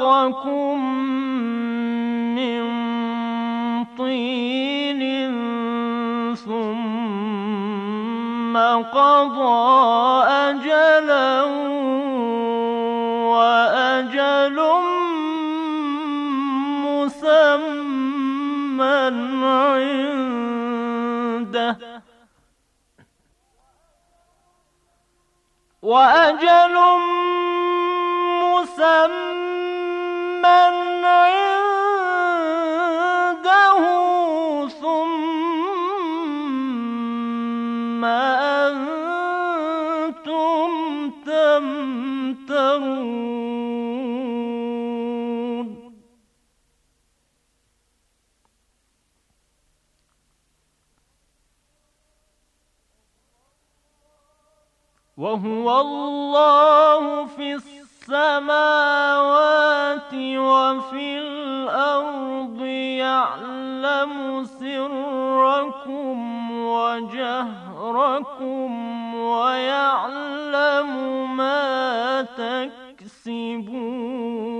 خلقكم من طين ثم قضى أجلا وأجل مسمى عنده وأجل مسمى والله في السماوات وفي الأرض يعلم سركم وجهركم ويعلم ما تكسبون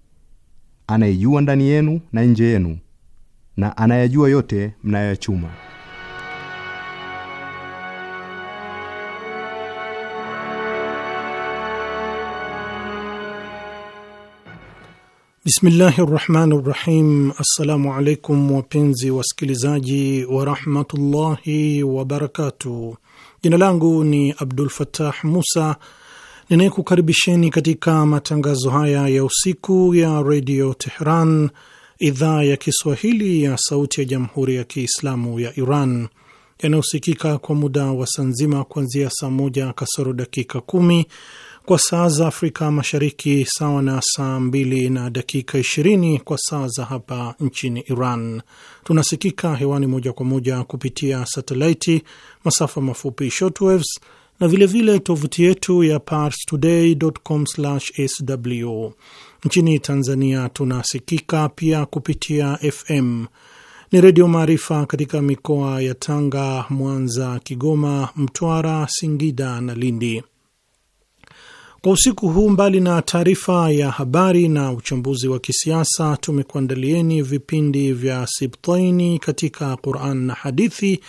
anayejua ndani yenu na nje yenu na anayajua yote mnayoyachuma Bismillahi rahmani rahim. Assalamu alaikum wapenzi wasikilizaji warahmatullahi wabarakatuh. Jina langu ni Abdul Fatah Musa ninayekukaribisheni katika matangazo haya ya usiku ya redio Teheran, idhaa ya Kiswahili ya sauti ya jamhuri ya Kiislamu ya Iran, yanayosikika kwa muda wa saa nzima kuanzia saa moja kasoro dakika kumi kwa saa za Afrika Mashariki, sawa na saa mbili na dakika ishirini kwa saa za hapa nchini Iran. Tunasikika hewani moja kwa moja kupitia satelaiti, masafa mafupi shortwaves na vilevile tovuti yetu ya parstoday.com/sw. Nchini Tanzania tunasikika pia kupitia FM ni Redio Maarifa katika mikoa ya Tanga, Mwanza, Kigoma, Mtwara, Singida na Lindi. Kwa usiku huu, mbali na taarifa ya habari na uchambuzi wa kisiasa, tumekuandalieni vipindi vya Sibtaini katika Quran na hadithi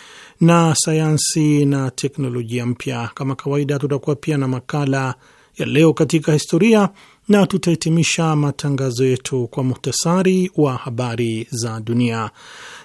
na sayansi na teknolojia mpya. Kama kawaida, tutakuwa pia na makala ya leo katika historia na tutahitimisha matangazo yetu kwa muhtasari wa habari za dunia.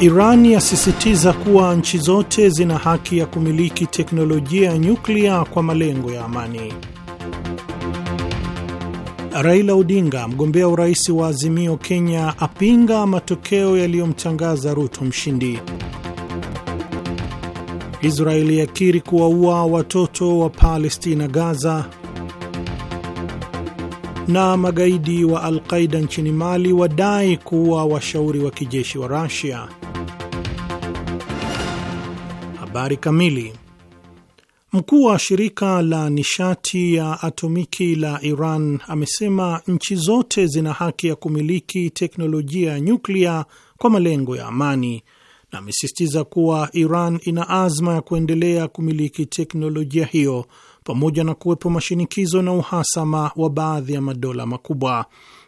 Iran yasisitiza kuwa nchi zote zina haki ya kumiliki teknolojia ya nyuklia kwa malengo ya amani. Raila Odinga, mgombea urais wa Azimio Kenya, apinga matokeo yaliyomtangaza Ruto mshindi. Israeli yakiri kuwaua watoto wa Palestina Gaza. Na magaidi wa Alqaida nchini Mali wadai kuua washauri wa kijeshi wa Rasia. Habari kamili. Mkuu wa shirika la nishati ya atomiki la Iran amesema nchi zote zina haki ya kumiliki teknolojia ya nyuklia kwa malengo ya amani, na amesisitiza kuwa Iran ina azma ya kuendelea kumiliki teknolojia hiyo pamoja na kuwepo mashinikizo na uhasama wa baadhi ya madola makubwa.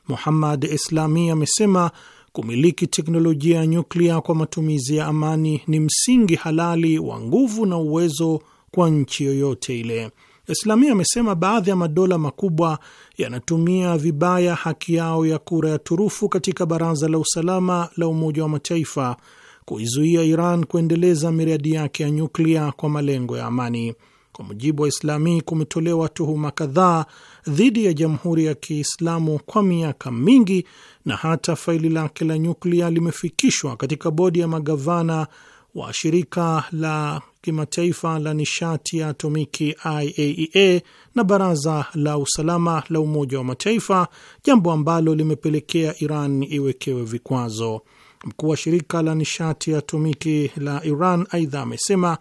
Muhammad Islami amesema kumiliki teknolojia ya nyuklia kwa matumizi ya amani ni msingi halali wa nguvu na uwezo kwa nchi yoyote ile. Islamia amesema baadhi ya madola makubwa yanatumia vibaya haki yao ya kura ya turufu katika Baraza la Usalama la Umoja wa Mataifa kuizuia Iran kuendeleza miradi yake ya nyuklia kwa malengo ya amani. Kwa mujibu wa islami kumetolewa tuhuma kadhaa dhidi ya Jamhuri ya Kiislamu kwa miaka mingi na hata faili lake la nyuklia limefikishwa katika bodi ya magavana wa shirika la kimataifa la nishati ya atomiki IAEA e na baraza la usalama la Umoja wa Mataifa, jambo ambalo limepelekea Iran iwekewe vikwazo. Mkuu wa shirika la nishati ya atomiki la Iran aidha amesema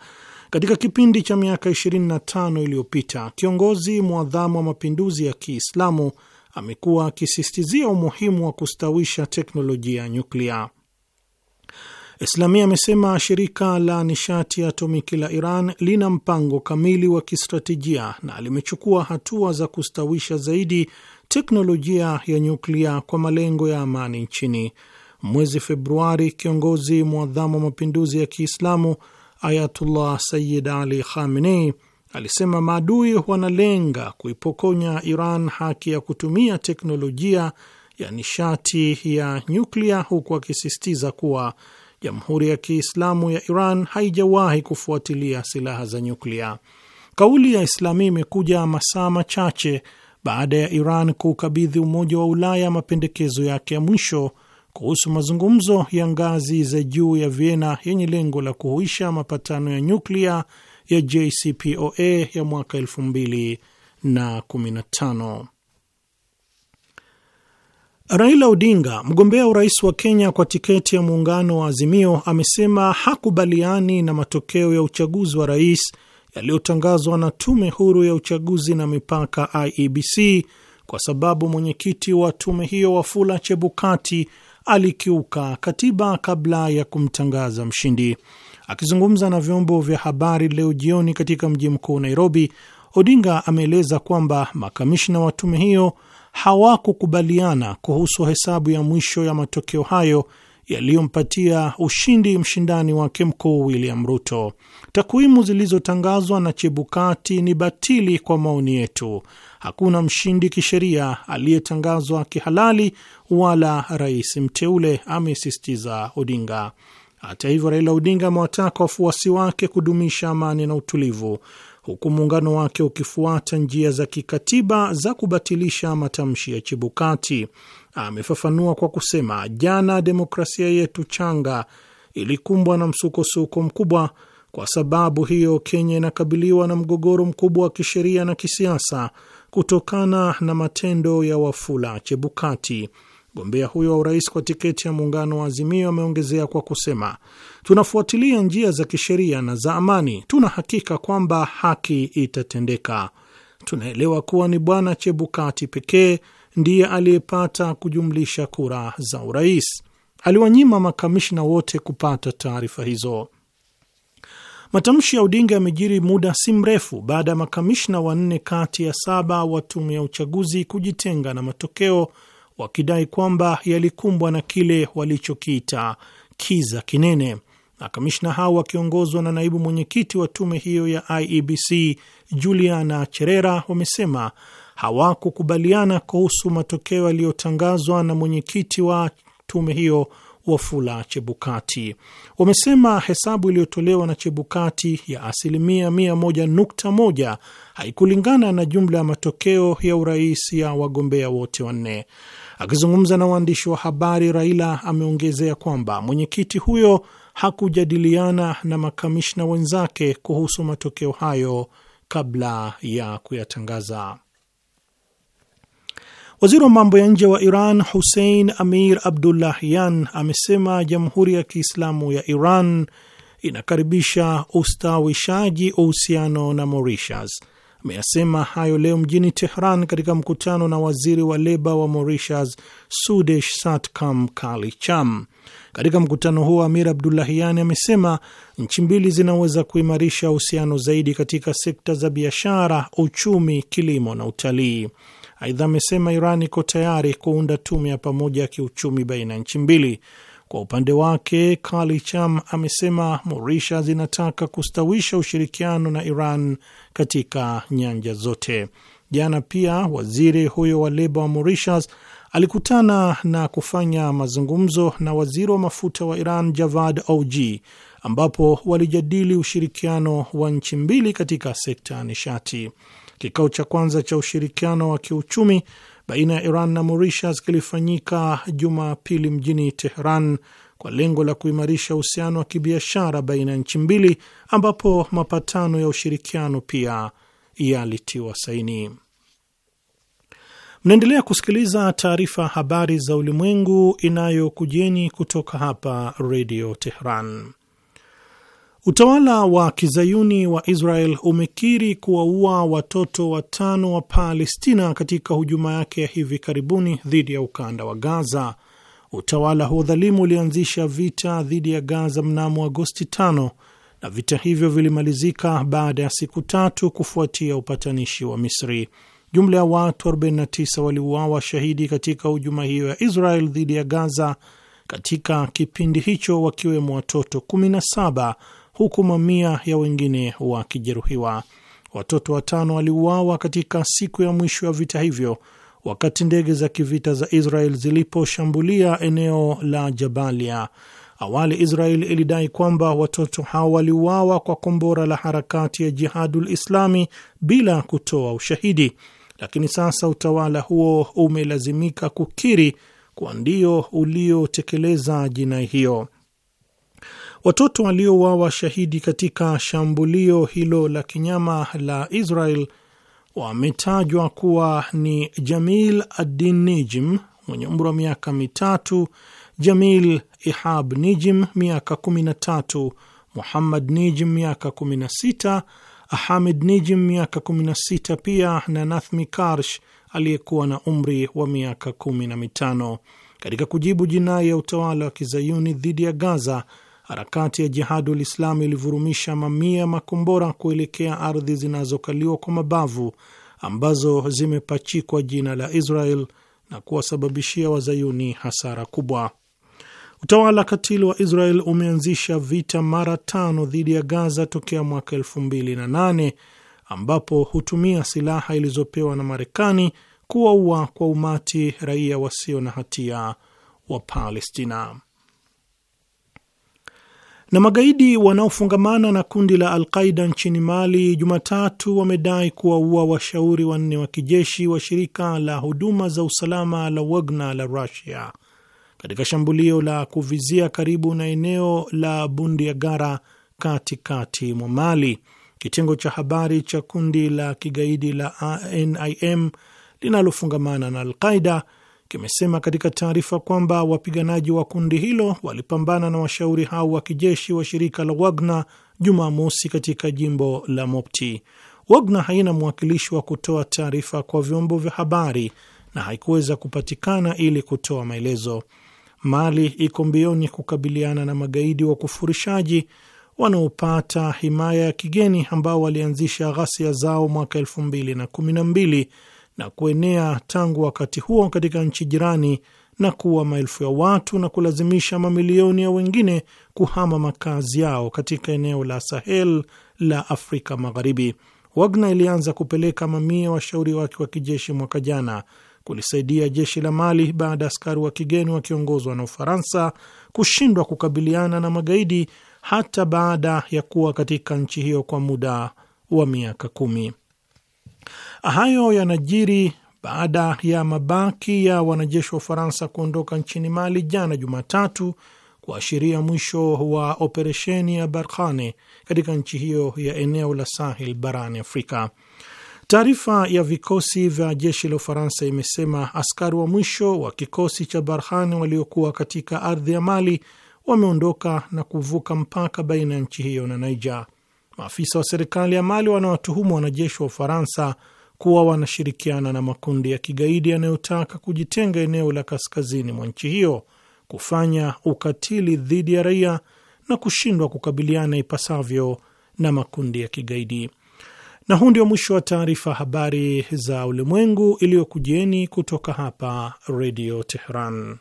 katika kipindi cha miaka 25 iliyopita kiongozi mwadhamu wa mapinduzi ya Kiislamu amekuwa akisistizia umuhimu wa kustawisha teknolojia ya nyuklia. Islamia amesema shirika la nishati ya atomiki la Iran lina mpango kamili wa kistratejia na limechukua hatua za kustawisha zaidi teknolojia ya nyuklia kwa malengo ya amani nchini. Mwezi Februari, kiongozi mwadhamu wa mapinduzi ya Kiislamu Ayatullah Sayyid Ali Khamenei Alisema maadui wanalenga kuipokonya Iran haki ya kutumia teknolojia ya nishati ya nyuklia, huku akisisitiza kuwa Jamhuri ya Kiislamu ya Iran haijawahi kufuatilia silaha za nyuklia. Kauli ya Islami imekuja masaa machache baada ya Iran kuukabidhi Umoja wa Ulaya mapendekezo yake ya mwisho kuhusu mazungumzo ya ngazi za juu ya Vienna yenye lengo la kuhuisha mapatano ya nyuklia ya JCPOA ya mwaka 2015. Raila Odinga, mgombea urais wa Kenya kwa tiketi ya muungano wa Azimio, amesema hakubaliani na matokeo ya uchaguzi wa rais yaliyotangazwa na tume huru ya uchaguzi na mipaka IEBC kwa sababu mwenyekiti wa tume hiyo Wafula Chebukati alikiuka katiba kabla ya kumtangaza mshindi. Akizungumza na vyombo vya habari leo jioni katika mji mkuu Nairobi, Odinga ameeleza kwamba makamishna wa tume hiyo hawakukubaliana kuhusu hesabu ya mwisho ya matokeo hayo yaliyompatia ushindi mshindani wake mkuu William Ruto. Takwimu zilizotangazwa na Chebukati ni batili kwa maoni yetu. Hakuna mshindi kisheria aliyetangazwa kihalali wala rais mteule, amesisitiza Odinga. Hata hivyo, Raila Odinga amewataka wafuasi wake kudumisha amani na utulivu, huku muungano wake ukifuata njia za kikatiba za kubatilisha matamshi ya Chebukati. Amefafanua kwa kusema, jana demokrasia yetu changa ilikumbwa na msukosuko mkubwa. Kwa sababu hiyo, Kenya inakabiliwa na mgogoro mkubwa wa kisheria na kisiasa kutokana na matendo ya Wafula Chebukati. Mgombea huyo wa urais kwa tiketi ya muungano wa Azimio ameongezea kwa kusema, tunafuatilia njia za kisheria na za amani. Tuna hakika kwamba haki itatendeka. Tunaelewa kuwa ni Bwana Chebukati pekee ndiye aliyepata kujumlisha kura za urais. Aliwanyima makamishna wote kupata taarifa hizo. Matamshi ya Odinga yamejiri muda si mrefu baada ya makamishna wanne kati ya saba wa tume ya uchaguzi kujitenga na matokeo wakidai kwamba yalikumbwa na kile walichokiita kiza kinene. Makamishna hao wakiongozwa na naibu mwenyekiti wa tume hiyo ya IEBC Juliana Cherera wamesema hawakukubaliana kuhusu matokeo yaliyotangazwa na mwenyekiti wa tume hiyo Wafula Chebukati. Wamesema hesabu iliyotolewa na Chebukati ya asilimia mia moja nukta moja haikulingana na jumla ya matokeo ya urais ya wagombea wote wanne. Akizungumza na waandishi wa habari, Raila ameongezea kwamba mwenyekiti huyo hakujadiliana na makamishna wenzake kuhusu matokeo hayo kabla ya kuyatangaza. Waziri wa mambo ya nje wa Iran Hussein Amir Abdullahian amesema Jamhuri ya Kiislamu ya Iran inakaribisha ustawishaji uhusiano na Mauritius ameyasema hayo leo mjini Tehran katika mkutano na waziri wa leba wa Mauritius Sudesh Satkam Kalicham. Katika mkutano huo Amir Abdullahiani amesema nchi mbili zinaweza kuimarisha uhusiano zaidi katika sekta za biashara, uchumi, kilimo na utalii. Aidha amesema Iran iko tayari kuunda tume ya pamoja ya kiuchumi baina ya nchi mbili. Kwa upande wake, kali cham amesema Morisha zinataka kustawisha ushirikiano na Iran katika nyanja zote. Jana pia waziri huyo wa leba wa Morishas alikutana na kufanya mazungumzo na waziri wa mafuta wa Iran Javad Og, ambapo walijadili ushirikiano wa nchi mbili katika sekta ya nishati. Kikao cha kwanza cha ushirikiano wa kiuchumi baina ya Iran na Mauritius kilifanyika Jumapili mjini Tehran kwa lengo la kuimarisha uhusiano wa kibiashara baina ya nchi mbili, ambapo mapatano ya ushirikiano pia yalitiwa saini. Mnaendelea kusikiliza taarifa habari za ulimwengu inayokujeni kutoka hapa Redio Tehran. Utawala wa kizayuni wa Israel umekiri kuwaua watoto watano wa Palestina katika hujuma yake ya hivi karibuni dhidi ya ukanda wa Gaza. Utawala huo dhalimu ulianzisha vita dhidi ya Gaza mnamo Agosti 5 na vita hivyo vilimalizika baada ya siku tatu kufuatia upatanishi wa Misri. Jumla ya watu 49 waliuawa shahidi katika hujuma hiyo ya Israel dhidi ya Gaza katika kipindi hicho, wakiwemo watoto 17 huku mamia ya wengine wakijeruhiwa. Watoto watano waliuawa katika siku ya mwisho ya vita hivyo wakati ndege za kivita za Israel ziliposhambulia eneo la Jabalia. Awali Israel ilidai kwamba watoto hao waliuawa kwa kombora la harakati ya Jihadul Islami bila kutoa ushahidi, lakini sasa utawala huo umelazimika kukiri kwa ndio uliotekeleza jinai hiyo. Watoto waliouawa shahidi katika shambulio hilo la kinyama la Israel wametajwa kuwa ni Jamil Addin Nijim mwenye umri wa miaka mitatu, Jamil Ihab Nijim miaka kumi na tatu Muhammad Nijim miaka kumi na sita Ahamid Nijim miaka kumi na sita pia na Nathmi Karsh aliyekuwa na umri wa miaka kumi na mitano Katika kujibu jinai ya utawala wa kizayuni dhidi ya Gaza, harakati ya Jihadul Islami ilivurumisha mamia ya makombora kuelekea ardhi zinazokaliwa kwa mabavu ambazo zimepachikwa jina la Israel na kuwasababishia wazayuni hasara kubwa. Utawala katili wa Israel umeanzisha vita mara tano dhidi ya Gaza tokea mwaka elfu mbili na nane ambapo hutumia silaha ilizopewa na Marekani kuwaua kwa umati raia wasio na hatia wa Palestina. Na magaidi wanaofungamana na kundi la Alqaida nchini Mali Jumatatu wamedai kuwaua washauri wanne wa kijeshi wa shirika la huduma za usalama la wagna la rusia katika shambulio la kuvizia karibu na eneo la Bundiagara katikati mwa Mali. Kitengo cha habari cha kundi la kigaidi la NIM linalofungamana na Alqaida kimesema katika taarifa kwamba wapiganaji wa kundi hilo walipambana na washauri hao wa kijeshi wa shirika la wagna Jumamosi katika jimbo la Mopti. wagna haina mwakilishi wa kutoa taarifa kwa vyombo vya habari na haikuweza kupatikana ili kutoa maelezo. Mali iko mbioni kukabiliana na magaidi wa kufurishaji wanaopata himaya ya kigeni ambao walianzisha ghasia zao mwaka elfu mbili na kumi na mbili na kuenea tangu wakati huo katika nchi jirani na kuwa maelfu ya watu na kulazimisha mamilioni ya wengine kuhama makazi yao katika eneo la Sahel la Afrika Magharibi. Wagner ilianza kupeleka mamia washauri wake wa kijeshi mwaka jana kulisaidia jeshi la Mali baada ya askari wa kigeni wakiongozwa na Ufaransa kushindwa kukabiliana na magaidi hata baada ya kuwa katika nchi hiyo kwa muda wa miaka kumi. Hayo yanajiri baada ya mabaki ya wanajeshi wa Ufaransa kuondoka nchini Mali jana Jumatatu, kuashiria mwisho wa operesheni ya Barkhane katika nchi hiyo ya eneo la Sahel barani Afrika. Taarifa ya vikosi vya jeshi la Ufaransa imesema askari wa mwisho wa kikosi cha Barkhane waliokuwa katika ardhi ya Mali wameondoka na kuvuka mpaka baina ya nchi hiyo na Niger. Maafisa wa serikali ya Mali wanawatuhumu wanajeshi wa Ufaransa kuwa wanashirikiana na makundi ya kigaidi yanayotaka kujitenga eneo la kaskazini mwa nchi hiyo, kufanya ukatili dhidi ya raia na kushindwa kukabiliana ipasavyo na makundi ya kigaidi. Na huu ndio mwisho wa taarifa habari za ulimwengu iliyokujieni kutoka hapa Redio Teheran.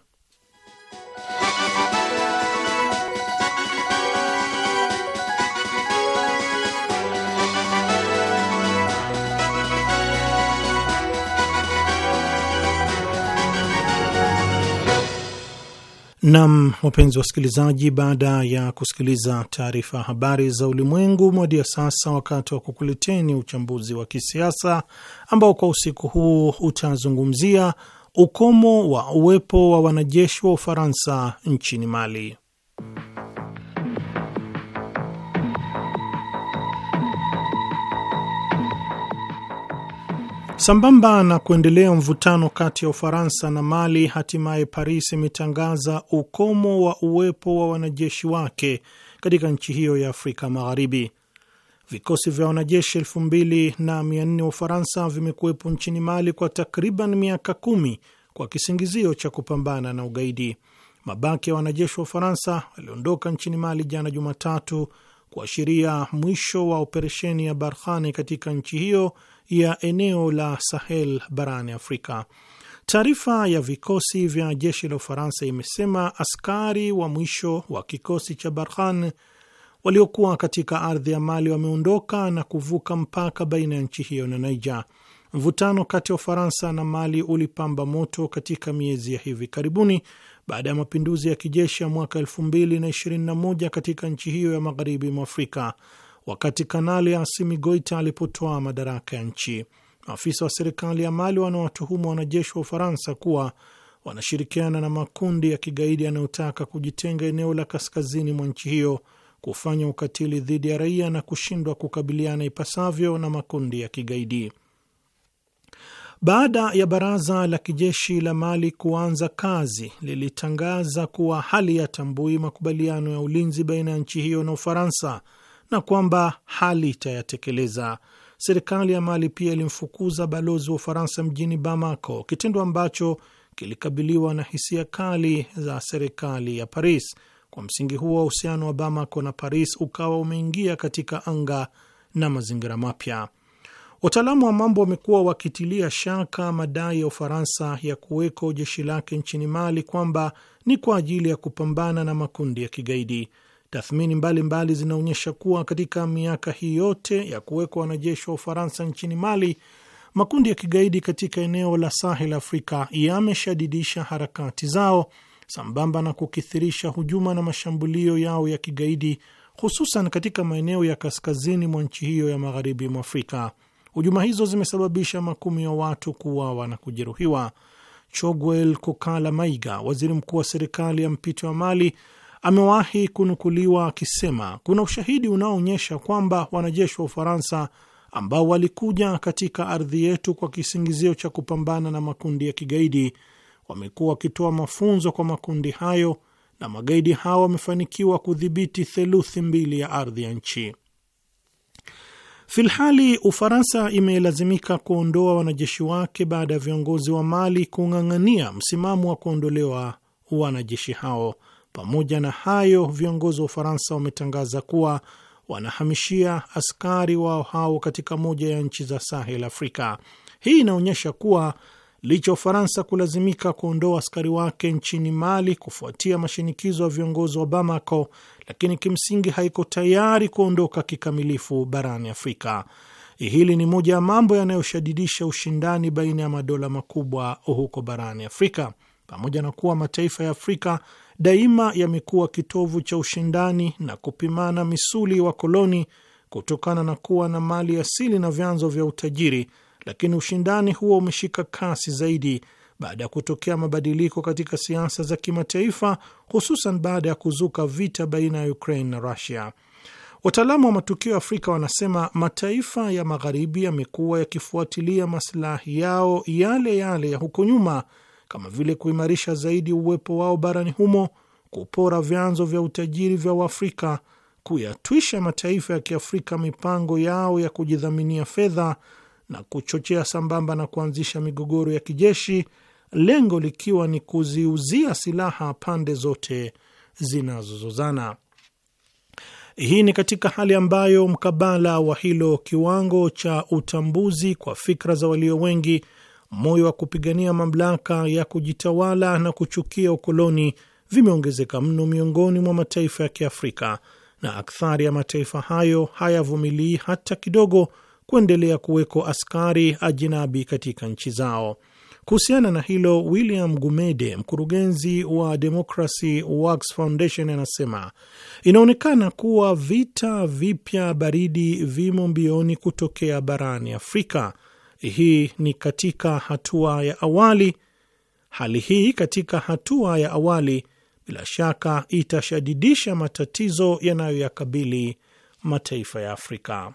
Nam, wapenzi wasikilizaji, baada ya kusikiliza taarifa habari za ulimwengu, ya sasa wakati wa kukuleteni uchambuzi wa kisiasa ambao kwa usiku huu utazungumzia ukomo wa uwepo wa wanajeshi wa Ufaransa nchini Mali. Sambamba na kuendelea mvutano kati ya Ufaransa na Mali, hatimaye Paris imetangaza ukomo wa uwepo wa wanajeshi wake katika nchi hiyo ya Afrika Magharibi. Vikosi vya wanajeshi elfu mbili na mia nne wa Ufaransa vimekuwepo nchini Mali kwa takriban miaka kumi kwa kisingizio cha kupambana na ugaidi. Mabaki ya wanajeshi wa Ufaransa waliondoka nchini Mali jana Jumatatu, kuashiria mwisho wa operesheni ya Barkhane katika nchi hiyo ya eneo la Sahel barani Afrika. Taarifa ya vikosi vya jeshi la Ufaransa imesema askari wa mwisho wa kikosi cha Barkhan waliokuwa katika ardhi ya Mali wameondoka na kuvuka mpaka baina ya nchi hiyo na Niger. Mvutano kati ya Ufaransa na Mali ulipamba moto katika miezi ya hivi karibuni baada ya mapinduzi ya kijeshi ya mwaka 2021 katika nchi hiyo ya magharibi mwa Afrika wakati Kanali Asimi Goita alipotoa madaraka ya nchi. Maafisa wa serikali ya Mali wanawatuhumu wanajeshi wa Ufaransa kuwa wanashirikiana na makundi ya kigaidi yanayotaka kujitenga eneo la kaskazini mwa nchi hiyo kufanya ukatili dhidi ya raia na kushindwa kukabiliana ipasavyo na makundi ya kigaidi. Baada ya baraza la kijeshi la Mali kuanza kazi, lilitangaza kuwa hali ya tambui makubaliano ya ulinzi baina ya nchi hiyo na Ufaransa na kwamba hali itayatekeleza. Serikali ya Mali pia ilimfukuza balozi wa Ufaransa mjini Bamako, kitendo ambacho kilikabiliwa na hisia kali za serikali ya Paris. Kwa msingi huo, uhusiano wa Bamako na Paris ukawa umeingia katika anga na mazingira mapya. Wataalamu wa mambo wamekuwa wakitilia shaka madai ya Ufaransa ya kuweko jeshi lake nchini Mali kwamba ni kwa ajili ya kupambana na makundi ya kigaidi. Tathmini mbalimbali zinaonyesha kuwa katika miaka hii yote ya kuwekwa wanajeshi wa Ufaransa nchini Mali, makundi ya kigaidi katika eneo la Sahel Afrika yameshadidisha harakati zao sambamba na kukithirisha hujuma na mashambulio yao ya kigaidi, hususan katika maeneo ya kaskazini mwa nchi hiyo ya magharibi mwa Afrika. Hujuma hizo zimesababisha makumi ya watu kuuawa na kujeruhiwa. Choguel Kokala Maiga, waziri mkuu wa serikali ya mpito wa Mali, amewahi kunukuliwa akisema kuna ushahidi unaoonyesha kwamba wanajeshi wa Ufaransa ambao walikuja katika ardhi yetu kwa kisingizio cha kupambana na makundi ya kigaidi wamekuwa wakitoa mafunzo kwa makundi hayo na magaidi hao wamefanikiwa kudhibiti theluthi mbili ya ardhi ya nchi. Filhali Ufaransa imelazimika kuondoa wanajeshi wake baada ya viongozi wa Mali kung'ang'ania msimamo wa kuondolewa wanajeshi hao. Pamoja na hayo, viongozi wa Ufaransa wametangaza kuwa wanahamishia askari wao hao katika moja ya nchi za Sahel Afrika. Hii inaonyesha kuwa licha Ufaransa kulazimika kuondoa askari wake nchini Mali kufuatia mashinikizo ya viongozi wa Bamako, lakini kimsingi haiko tayari kuondoka kikamilifu barani Afrika. Hili ni moja ya mambo yanayoshadidisha ushindani baina ya madola makubwa huko barani Afrika pamoja na kuwa mataifa ya Afrika daima yamekuwa kitovu cha ushindani na kupimana misuli wa koloni kutokana na kuwa na mali asili na vyanzo vya utajiri, lakini ushindani huo umeshika kasi zaidi baada ya kutokea mabadiliko katika siasa za kimataifa, hususan baada ya kuzuka vita baina ya Ukraine na rusia Wataalamu wa matukio ya Afrika wanasema mataifa ya magharibi yamekuwa yakifuatilia masilahi yao yale yale ya huko nyuma kama vile kuimarisha zaidi uwepo wao barani humo, kupora vyanzo vya utajiri vya Uafrika, kuyatwisha mataifa ya Kiafrika mipango yao ya kujidhaminia fedha na kuchochea sambamba na kuanzisha migogoro ya kijeshi, lengo likiwa ni kuziuzia silaha pande zote zinazozozana. Hii ni katika hali ambayo mkabala wa hilo kiwango cha utambuzi kwa fikra za walio wengi moyo wa kupigania mamlaka ya kujitawala na kuchukia ukoloni vimeongezeka mno miongoni mwa mataifa ya Kiafrika, na akthari ya mataifa hayo hayavumilii hata kidogo kuendelea kuweko askari ajinabi katika nchi zao. Kuhusiana na hilo, William Gumede, mkurugenzi wa Democracy Works Foundation, anasema inaonekana kuwa vita vipya baridi vimo mbioni kutokea barani Afrika hii ni katika hatua ya awali. Hali hii katika hatua ya awali bila shaka itashadidisha matatizo yanayoyakabili mataifa ya Afrika.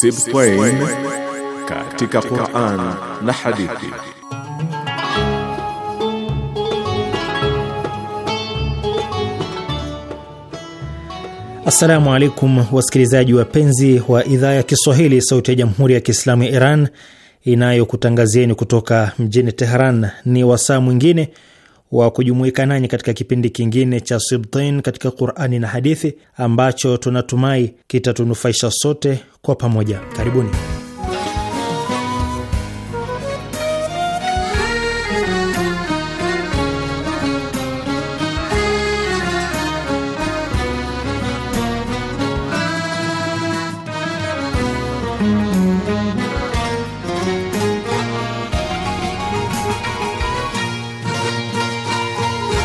Sibtain katika Qur'an na hadithi. Assalamu alaikum wasikilizaji wapenzi wa idhaa ya Kiswahili sauti ya Jamhuri ya Kiislamu ya Iran inayokutangazieni kutoka mjini Tehran. Ni wasaa mwingine wa kujumuika nanyi katika kipindi kingine cha Sibtain katika Qurani na Hadithi ambacho tunatumai kitatunufaisha sote kwa pamoja. Karibuni.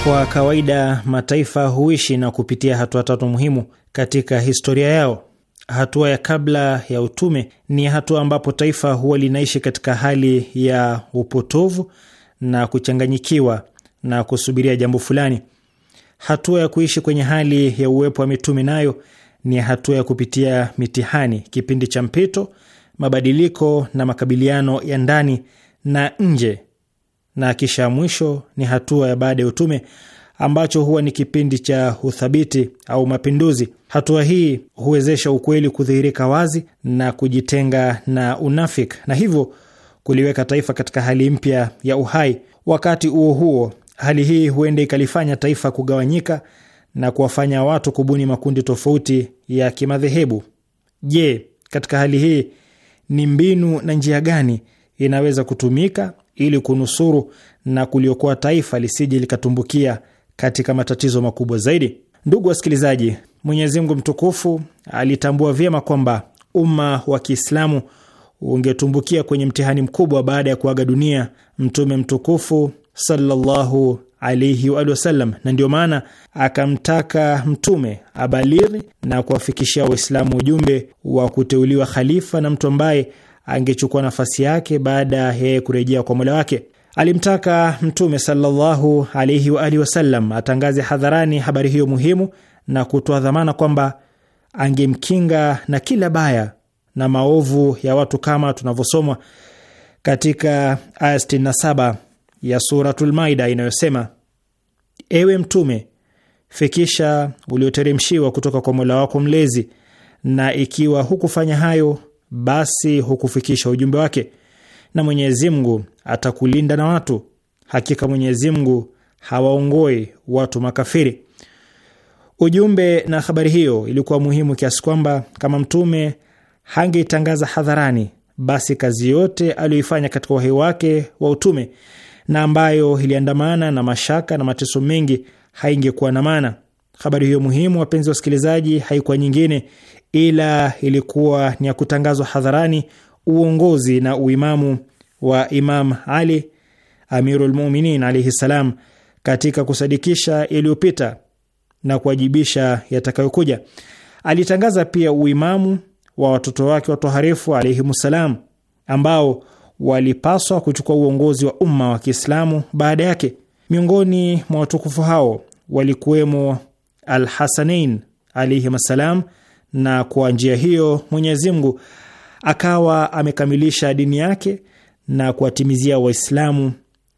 Kwa kawaida mataifa huishi na kupitia hatua tatu muhimu katika historia yao. Hatua ya kabla ya utume ni hatua ambapo taifa huwa linaishi katika hali ya upotovu na kuchanganyikiwa na kusubiria jambo fulani. Hatua ya kuishi kwenye hali ya uwepo wa mitume nayo ni hatua ya kupitia mitihani, kipindi cha mpito, mabadiliko na makabiliano ya ndani na nje na kisha mwisho ni hatua ya baada ya utume ambacho huwa ni kipindi cha uthabiti au mapinduzi. Hatua hii huwezesha ukweli kudhihirika wazi na kujitenga na unafik na hivyo kuliweka taifa katika hali mpya ya uhai. Wakati huo huo, hali hii huenda ikalifanya taifa kugawanyika na kuwafanya watu kubuni makundi tofauti ya kimadhehebu. Je, katika hali hii ni mbinu na njia gani inaweza kutumika ili kunusuru na kuliokoa taifa lisije likatumbukia katika matatizo makubwa zaidi. Ndugu wasikilizaji, Mwenyezi Mungu mtukufu alitambua vyema kwamba umma wa Kiislamu ungetumbukia kwenye mtihani mkubwa baada ya kuaga dunia mtume mtukufu sallallahu alaihi wa sallam, na ndiyo maana akamtaka mtume abaliri na kuwafikishia Waislamu ujumbe wa kuteuliwa khalifa na mtu ambaye angechukua nafasi yake baada ya yeye kurejea kwa Mola wake. Alimtaka Mtume sallallahu alaihi wa alihi wasallam atangaze hadharani habari hiyo muhimu na kutoa dhamana kwamba angemkinga na kila baya na maovu ya watu kama tunavyosomwa katika aya 67 ya Suratul Maida inayosema: ewe Mtume, fikisha ulioteremshiwa kutoka kwa Mola wako Mlezi, na ikiwa hukufanya hayo basi hukufikisha ujumbe wake, na Mwenyezi Mungu atakulinda na watu. Hakika Mwenyezi Mungu hawaongoi watu makafiri. Ujumbe na habari hiyo ilikuwa muhimu kiasi kwamba kama Mtume hangeitangaza hadharani, basi kazi yote aliyoifanya katika uhai wake wa utume na ambayo iliandamana na mashaka na mateso mengi haingekuwa na maana. Habari hiyo muhimu, wapenzi wasikilizaji, haikuwa nyingine ila ilikuwa ni ya kutangazwa hadharani uongozi na uimamu wa Imam Ali Amirul Muminin alaihi ssalam katika kusadikisha iliyopita na kuwajibisha yatakayokuja. Alitangaza pia uimamu wa watoto wake watoharifu alaihimussalam, ambao walipaswa kuchukua uongozi wa umma wa Kiislamu baada yake. Miongoni mwa watukufu hao walikuwemo alhasanein Hasanain alaihim assalam, na kwa njia hiyo Mwenyezi Mungu akawa amekamilisha dini yake na kuwatimizia Waislamu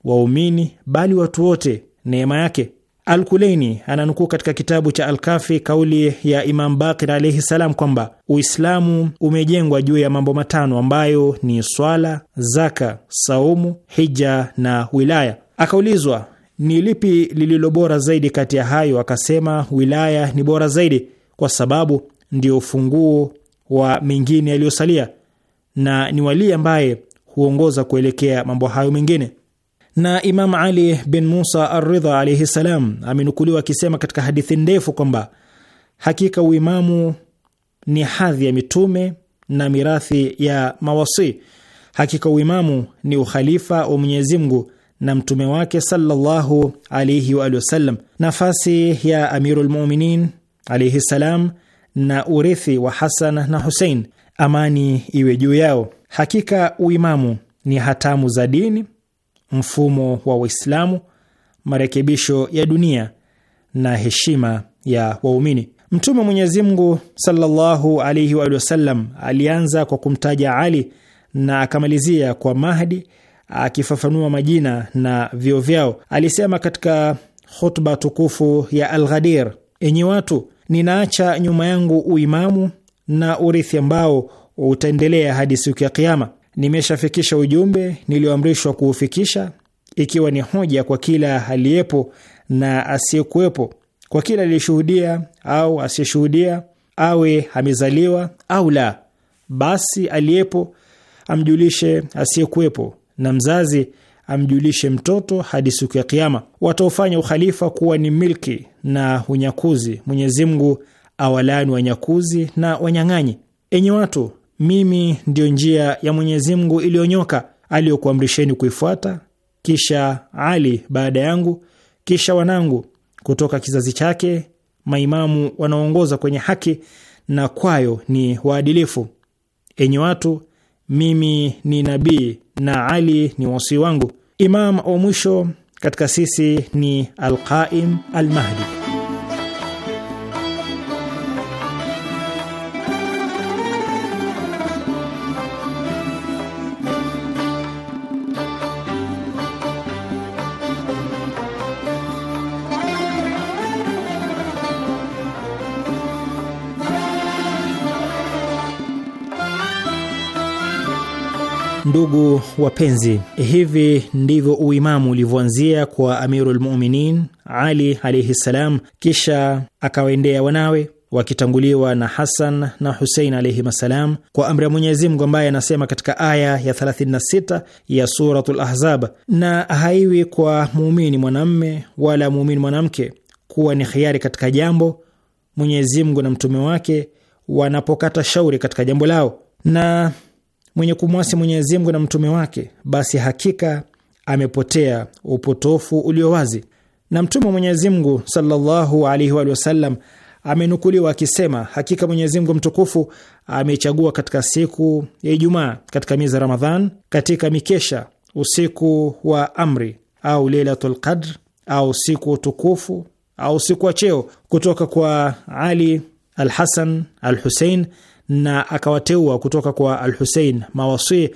waumini bali watu wote neema yake. Alkuleini ananukuu katika kitabu cha Alkafi kauli ya Imam Bakir alaihi salam kwamba Uislamu umejengwa juu ya mambo matano ambayo ni swala, zaka, saumu, hija na wilaya. Akaulizwa, ni lipi lililo bora zaidi kati ya hayo? Akasema wilaya ni bora zaidi, kwa sababu ndio ufunguo wa mengine yaliyosalia, na ni wali ambaye huongoza kuelekea mambo hayo mengine. Na Imam Ali bin Musa Ar-Ridha alayhi salam amenukuliwa akisema katika hadithi ndefu kwamba hakika uimamu ni hadhi ya mitume na mirathi ya mawasi. Hakika uimamu ni ukhalifa wa Mwenyezi Mungu na mtume wake sallallahu alaihi wa alihi wasallam. Nafasi ya Amirul Muminin alaihi salam na urithi wa Hasan na Husein, amani iwe juu yao. Hakika uimamu ni hatamu za dini, mfumo wa uislamu marekebisho ya dunia na heshima ya waumini. Mtume Mwenyezi Mungu sallallahu alaihi wa alihi wasallam alianza kwa kumtaja Ali na akamalizia kwa Mahdi akifafanua majina na vio vyao. Alisema katika hutuba tukufu ya Al-Ghadir, enyi watu, ninaacha nyuma yangu uimamu na urithi ambao utaendelea hadi siku ya Kiama. Nimeshafikisha ujumbe nilioamrishwa kuufikisha, ikiwa ni hoja kwa kila aliyepo na asiyekuwepo, kwa kila aliyeshuhudia au asiyeshuhudia, awe amezaliwa au la. Basi aliyepo amjulishe asiyekuwepo, na mzazi amjulishe mtoto hadi siku ya Kiama. Wataofanya ukhalifa kuwa ni milki na unyakuzi. Mwenyezi Mungu awalaani wanyakuzi na wanyang'anyi. Enyi watu, mimi ndiyo njia ya Mwenyezi Mungu iliyonyoka aliyokuamrisheni kuifuata, kisha Ali baada yangu, kisha wanangu kutoka kizazi chake, maimamu wanaoongoza kwenye haki na kwayo ni waadilifu. Enyi watu, mimi ni nabii na Ali ni wasi wangu. Imam wa mwisho katika sisi ni Alqaim Almahdi. Ndugu wapenzi, hivi ndivyo uimamu ulivyoanzia kwa Amiru lmuminin Ali alaihi ssalam, kisha akawaendea wanawe wakitanguliwa na Hasan na Husein alaihim assalam, kwa amri ya Mwenyezi Mungu ambaye anasema katika aya ya 36 ya Suratul Lahzab, na haiwi kwa muumini mwanamme wala muumini mwanamke kuwa ni khiari katika jambo Mwenyezi Mungu na mtume wake wanapokata shauri katika jambo lao, na mwenye kumwasi Mwenyezi Mungu na mtume wake, basi hakika amepotea upotofu ulio wazi. Na mtume wa Mwenyezi Mungu sallallahu alaihi wa sallam amenukuliwa akisema, hakika Mwenyezi Mungu mtukufu amechagua katika siku ya Ijumaa katika miezi ya Ramadhan, katika mikesha usiku wa amri au Lailatul Qadr au siku tukufu au siku wa cheo kutoka kwa Ali alhasan Alhusein al-Husein na akawateua kutoka kwa Al Husein mawasi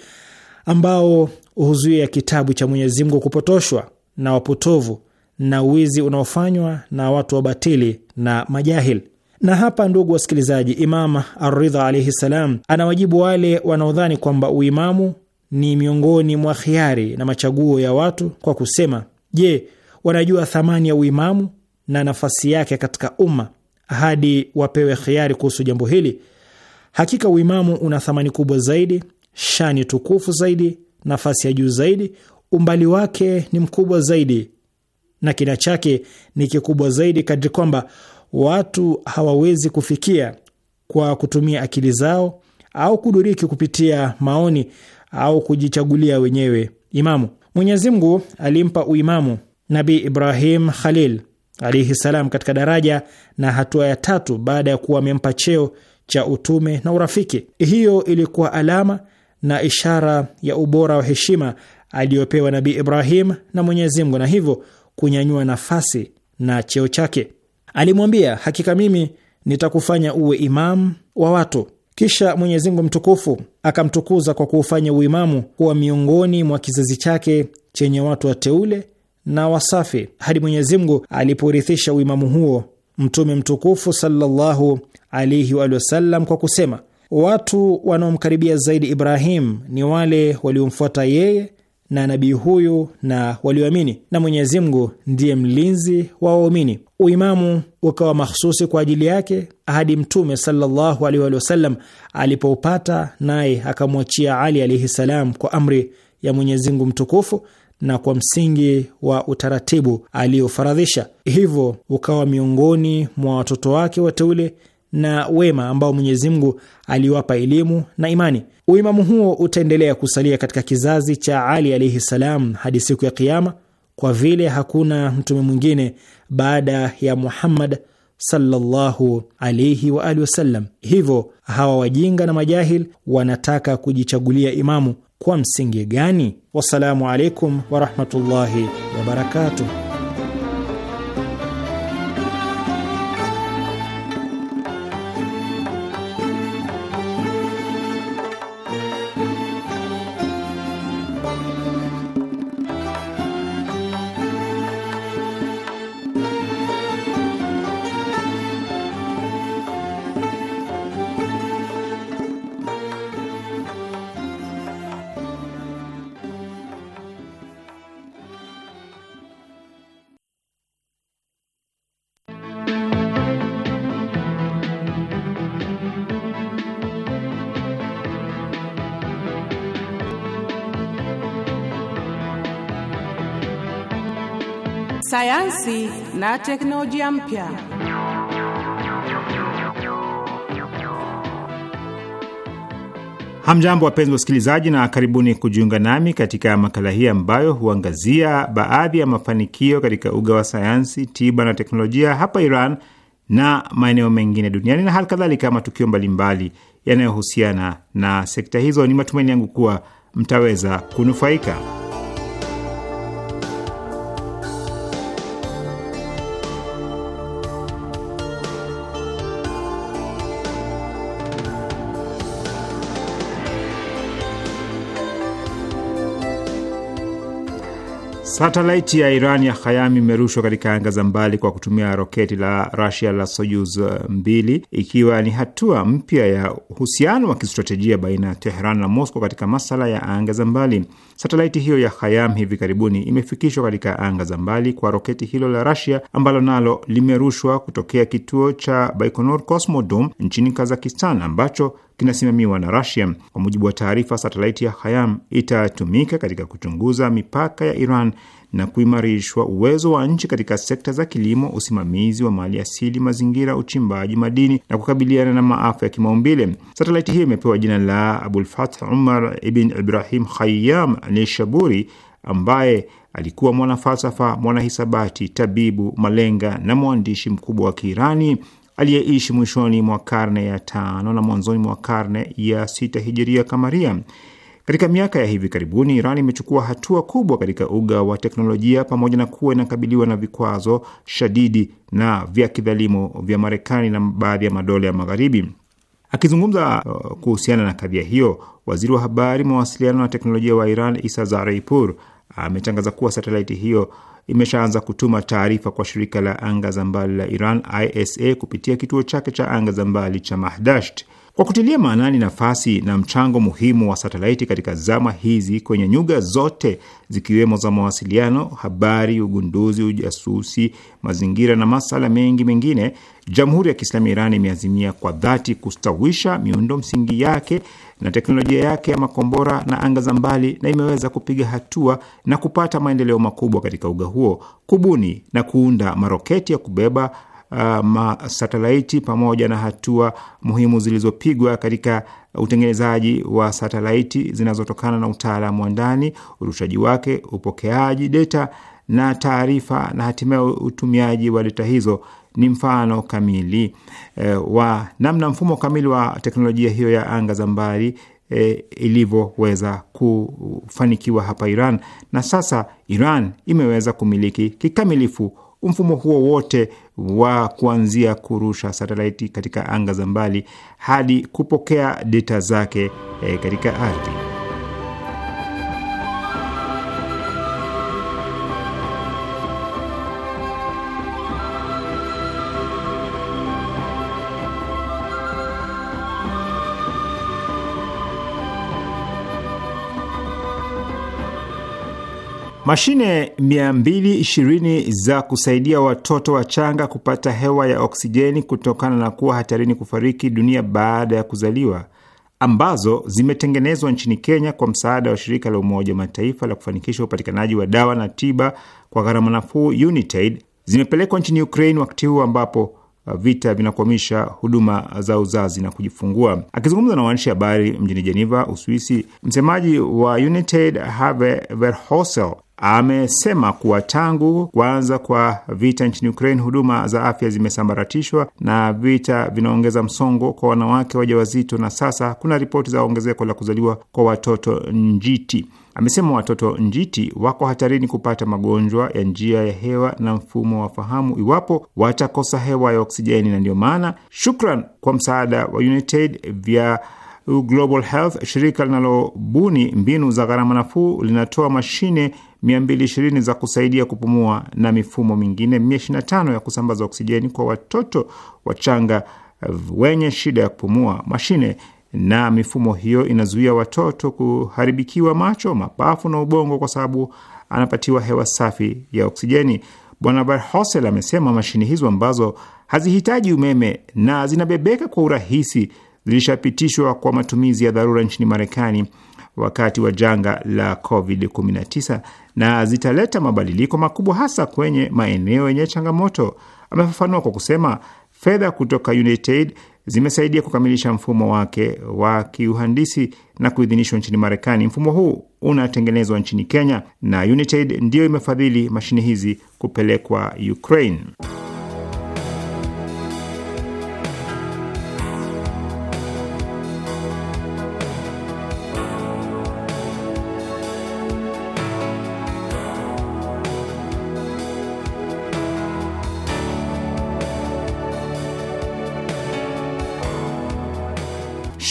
ambao huzuia kitabu cha Mwenyezi Mungu kupotoshwa na wapotovu na wizi unaofanywa na watu wabatili na majahil. Na hapa, ndugu wasikilizaji, Imam Aridha alaihi salam anawajibu wale wanaodhani kwamba uimamu ni miongoni mwa khiari na machaguo ya watu kwa kusema, je, wanajua thamani ya uimamu na nafasi yake katika umma hadi wapewe khiari kuhusu jambo hili? Hakika uimamu una thamani kubwa zaidi, shani tukufu zaidi, nafasi ya juu zaidi, umbali wake ni mkubwa zaidi na kina chake ni kikubwa zaidi, kadri kwamba watu hawawezi kufikia kwa kutumia akili zao au kuduriki kupitia maoni au kujichagulia wenyewe imamu. Mwenyezi Mungu alimpa uimamu Nabi Ibrahim Khalil alaihi salam katika daraja na hatua ya tatu baada ya kuwa amempa cheo cha utume na urafiki. Hiyo ilikuwa alama na ishara ya ubora wa heshima aliyopewa Nabii Ibrahim na Mwenyezi Mungu, na hivyo kunyanyua nafasi na cheo chake. Alimwambia, hakika mimi nitakufanya uwe imamu wa watu. Kisha Mwenyezi Mungu mtukufu akamtukuza kwa kuufanya uimamu kuwa miongoni mwa kizazi chake chenye watu wateule na wasafi hadi Mwenyezi Mungu aliporithisha uimamu huo Mtume mtukufu sallallahu alaihi wasallam kwa kusema, watu wanaomkaribia zaidi Ibrahim ni wale waliomfuata yeye na nabii huyu na walioamini, na Mwenyezi Mungu ndiye mlinzi wa waumini. Uimamu ukawa mahsusi kwa ajili yake hadi Mtume sallallahu alaihi wasallam alipoupata, naye akamwachia Ali alaihi salam kwa amri ya Mwenyezi Mungu mtukufu na kwa msingi wa utaratibu aliofaradhisha, hivyo ukawa miongoni mwa watoto wake wateule na wema ambao Mwenyezi Mungu aliwapa elimu na imani. Uimamu huo utaendelea kusalia katika kizazi cha Ali alaihi salam hadi siku ya Kiama, kwa vile hakuna mtume mwingine baada ya Muhammad sallallahu alaihi wa alihi wasallam. Hivyo hawa wajinga na majahil wanataka kujichagulia imamu kwa msingi gani? Wassalamu alaikum warahmatullahi wabarakatuh. sayansi na teknolojia mpya. Hamjambo, wapenzi wasikilizaji, na karibuni kujiunga nami katika makala hii ambayo huangazia baadhi ya mafanikio katika uga wa sayansi, tiba na teknolojia hapa Iran na maeneo mengine duniani na hali kadhalika matukio mbalimbali yanayohusiana na sekta hizo. Ni matumaini yangu kuwa mtaweza kunufaika. Satelaiti ya Iran ya Khayam imerushwa katika anga za mbali kwa kutumia roketi la Rusia la Soyuz mbili ikiwa ni hatua mpya ya uhusiano wa kistratejia baina ya Teheran na Mosco katika masala ya anga za mbali. Satelaiti hiyo ya Khayam hivi karibuni imefikishwa katika anga za mbali kwa roketi hilo la Rusia ambalo nalo limerushwa kutokea kituo cha Baikonur Cosmodrome nchini Kazakistan ambacho kinasimamiwa na Rasia. Kwa mujibu wa taarifa, satelaiti ya Hayam itatumika katika kuchunguza mipaka ya Iran na kuimarishwa uwezo wa nchi katika sekta za kilimo, usimamizi wa mali asili, mazingira, uchimbaji madini na kukabiliana na maafa ya kimaumbile. Satelaiti hiyo imepewa jina la Abulfath Umar Ibn Ibrahim Khayyam Nishaburi ambaye alikuwa mwanafalsafa, mwanahisabati, tabibu, malenga na mwandishi mkubwa wa Kiirani aliyeishi mwishoni mwa karne ya tano na mwanzoni mwa karne ya sita hijiria kamaria. Katika miaka ya hivi karibuni, Iran imechukua hatua kubwa katika uga wa teknolojia, pamoja na kuwa inakabiliwa na vikwazo shadidi na vya kidhalimu vya Marekani na baadhi ya madola ya Magharibi. Akizungumza uh, kuhusiana na kadhia hiyo, waziri wa habari, mawasiliano na teknolojia wa Iran Isa Zaraipur ametangaza kuwa satelaiti hiyo imeshaanza kutuma taarifa kwa shirika la anga za mbali la Iran ISA kupitia kituo chake cha anga za mbali cha Mahdasht. Kwa kutilia maanani nafasi na mchango muhimu wa satelaiti katika zama hizi kwenye nyuga zote zikiwemo za mawasiliano, habari, ugunduzi, ujasusi, mazingira na masala mengi mengine, Jamhuri ya Kiislamu ya Iran imeazimia kwa dhati kustawisha miundo msingi yake na teknolojia yake ya makombora na anga za mbali na imeweza kupiga hatua na kupata maendeleo makubwa katika uga huo, kubuni na kuunda maroketi ya kubeba uh, masatelaiti pamoja na hatua muhimu zilizopigwa katika utengenezaji wa satelaiti zinazotokana na utaalamu wa ndani, urushaji wake, upokeaji deta na taarifa na hatimaye utumiaji wa deta hizo ni mfano kamili e, wa namna mfumo kamili wa teknolojia hiyo ya anga za mbali e, ilivyoweza kufanikiwa hapa Iran, na sasa Iran imeweza kumiliki kikamilifu mfumo huo wote wa kuanzia kurusha satelaiti katika anga za mbali hadi kupokea data zake e, katika ardhi. Mashine 220 za kusaidia watoto wachanga kupata hewa ya oksijeni kutokana na kuwa hatarini kufariki dunia baada ya kuzaliwa ambazo zimetengenezwa nchini Kenya kwa msaada wa shirika la Umoja wa Mataifa la kufanikisha upatikanaji wa dawa na tiba kwa gharama nafuu Unitaid zimepelekwa nchini Ukraine wakati huu ambapo uh, vita vinakwamisha huduma za uzazi na kujifungua. Akizungumza na waandishi habari mjini Jeneva, Uswisi, msemaji wa Unitaid Have Verhosel amesema kuwa tangu kuanza kwa vita nchini Ukraine, huduma za afya zimesambaratishwa na vita vinaongeza msongo kwa wanawake wajawazito, na sasa kuna ripoti za ongezeko la kuzaliwa kwa watoto njiti. Amesema watoto njiti wako hatarini kupata magonjwa ya njia ya hewa na mfumo wa fahamu iwapo watakosa hewa ya oksijeni, na ndiyo maana shukran kwa msaada wa United vya Global Health, shirika linalobuni mbinu za gharama nafuu, linatoa mashine 220 za kusaidia kupumua na mifumo mingine 125 ya kusambaza oksijeni kwa watoto wachanga eh, wenye shida ya kupumua. Mashine na mifumo hiyo inazuia watoto kuharibikiwa macho, mapafu na ubongo kwa sababu anapatiwa hewa safi ya oksijeni. Bwana Verhosel amesema mashine hizo ambazo hazihitaji umeme na zinabebeka kwa urahisi zilishapitishwa kwa matumizi ya dharura nchini Marekani wakati wa janga la COVID-19 na zitaleta mabadiliko makubwa hasa kwenye maeneo yenye changamoto. Amefafanua kwa kusema fedha kutoka United zimesaidia kukamilisha mfumo wake wa kiuhandisi na kuidhinishwa nchini Marekani. Mfumo huu unatengenezwa nchini Kenya na United ndiyo imefadhili mashine hizi kupelekwa Ukraine.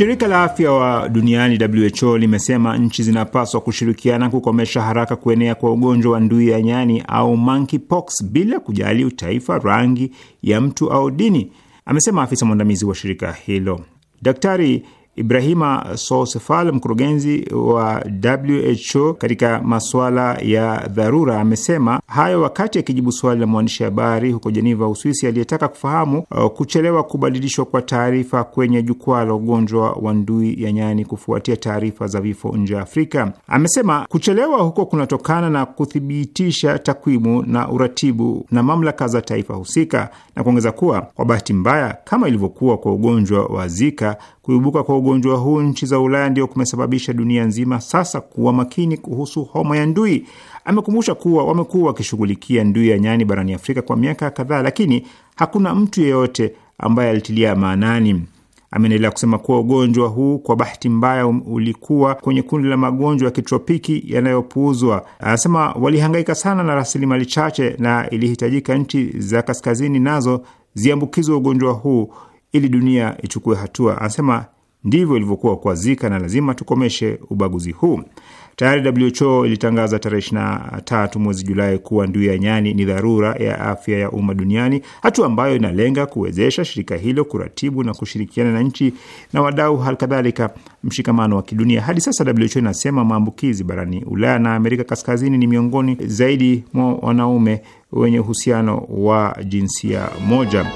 Shirika la afya wa duniani WHO limesema nchi zinapaswa kushirikiana kukomesha haraka kuenea kwa ugonjwa wa ndui ya nyani au monkeypox bila kujali utaifa, rangi ya mtu au dini, amesema afisa mwandamizi wa shirika hilo. Daktari Ibrahima Sosefal, mkurugenzi wa WHO katika masuala ya dharura, amesema hayo wakati akijibu swali la mwandishi habari huko Jeneva, Uswisi, aliyetaka kufahamu uh, kuchelewa kubadilishwa kwa taarifa kwenye jukwaa la ugonjwa wa ndui ya nyani yaani kufuatia taarifa za vifo nje ya Afrika. Amesema kuchelewa huko kunatokana na kuthibitisha takwimu na uratibu na mamlaka za taifa husika, na kuongeza kuwa kwa bahati mbaya, kama ilivyokuwa kwa ugonjwa wa Zika, Kuibuka kwa ugonjwa huu nchi za Ulaya ndio kumesababisha dunia nzima sasa kuwa makini kuhusu homa ya ndui. Amekumbusha kuwa wamekuwa wakishughulikia ndui ya nyani barani Afrika kwa miaka kadhaa, lakini hakuna mtu yeyote ambaye alitilia maanani. Ameendelea kusema kuwa ugonjwa huu kwa bahati mbaya um, ulikuwa kwenye kundi la magonjwa ya kitropiki yanayopuuzwa. Anasema walihangaika sana na rasilimali chache, na ilihitajika nchi za kaskazini nazo ziambukizwe ugonjwa huu ili dunia ichukue hatua. Anasema ndivyo ilivyokuwa kwa Zika na lazima tukomeshe ubaguzi huu. Tayari WHO ilitangaza tarehe 23 mwezi Julai kuwa ndui ya nyani ni dharura ya afya ya umma duniani, hatua ambayo inalenga kuwezesha shirika hilo kuratibu na kushirikiana na nchi na wadau, halikadhalika mshikamano wa kidunia. Hadi sasa WHO inasema maambukizi barani Ulaya na Amerika Kaskazini ni miongoni zaidi mwa wanaume wenye uhusiano wa jinsia moja.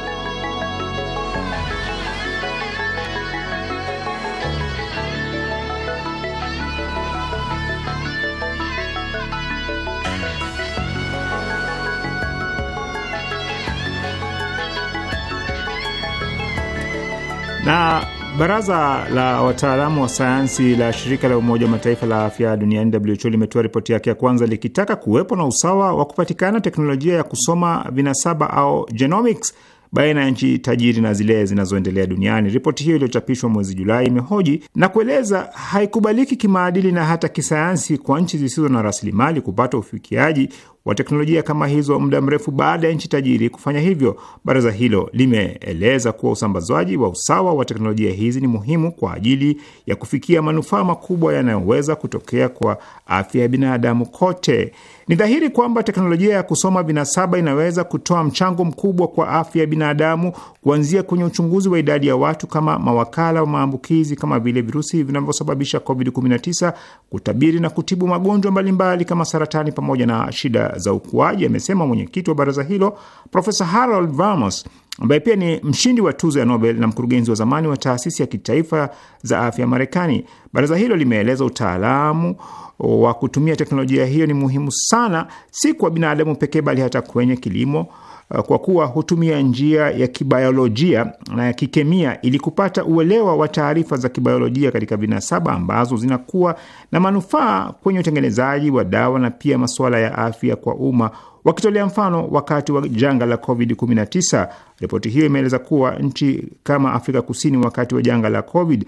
na baraza la wataalamu wa sayansi la shirika la Umoja wa Mataifa la afya duniani WHO limetoa ripoti yake ya kwanza likitaka kuwepo na usawa wa kupatikana teknolojia ya kusoma vinasaba au genomics baina ya nchi tajiri na zile zinazoendelea duniani. Ripoti hiyo iliyochapishwa mwezi Julai imehoji na kueleza haikubaliki kimaadili na hata kisayansi kwa nchi zisizo na rasilimali kupata ufikiaji wa teknolojia kama hizo muda mrefu baada ya nchi tajiri kufanya hivyo. Baraza hilo limeeleza kuwa usambazwaji wa usawa wa teknolojia hizi ni muhimu kwa ajili ya kufikia manufaa makubwa yanayoweza kutokea kwa afya ya binadamu kote. Ni dhahiri kwamba teknolojia ya kusoma vinasaba inaweza kutoa mchango mkubwa kwa afya ya binadamu, kuanzia kwenye uchunguzi wa idadi ya watu kama mawakala wa maambukizi kama vile virusi vinavyosababisha COVID-19, kutabiri na kutibu magonjwa mbalimbali kama saratani pamoja na shida za ukuaji, amesema mwenyekiti wa baraza hilo Profesa Harold Ramos ambaye pia ni mshindi wa tuzo ya Nobel na mkurugenzi wa zamani wa taasisi ya kitaifa za afya Marekani. Baraza hilo limeeleza utaalamu wa kutumia teknolojia hiyo ni muhimu sana, si kwa binadamu pekee, bali hata kwenye kilimo Uh, kwa kuwa hutumia njia ya kibayolojia na ya kikemia ili kupata uelewa wa taarifa za kibayolojia katika vinasaba ambazo zinakuwa na manufaa kwenye utengenezaji wa dawa na pia masuala ya afya kwa umma, wakitolea mfano wakati wa janga la COVID-19. Ripoti hiyo imeeleza kuwa nchi kama Afrika Kusini wakati wa janga la COVID